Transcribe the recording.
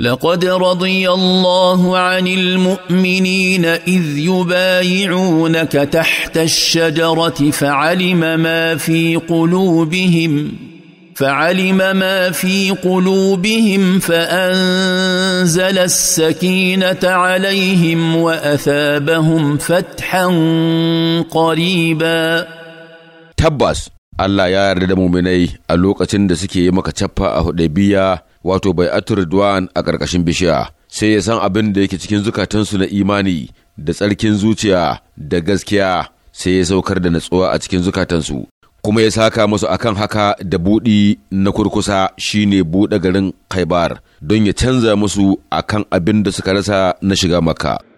لقد رضي الله عن المؤمنين اذ يبايعونك تحت الشجره فعلم ما في قلوبهم فعلم ما في قلوبهم فانزل السكينه عليهم واثابهم فتحا قريبا تبس Allah ya yarda da muminai a lokacin da suke yi maka cappa a Hudaybiya wato bai duwan a ƙarƙashin bishiya sai ya san abin da yake cikin zukatansu na imani da tsarkin zuciya da gaskiya sai ya saukar da natsuwa a cikin zukatansu kuma ya saka musu akan haka da buɗi na kurkusa shine buɗe garin Khaibar don ya canza musu akan abin da suka rasa na shiga maka.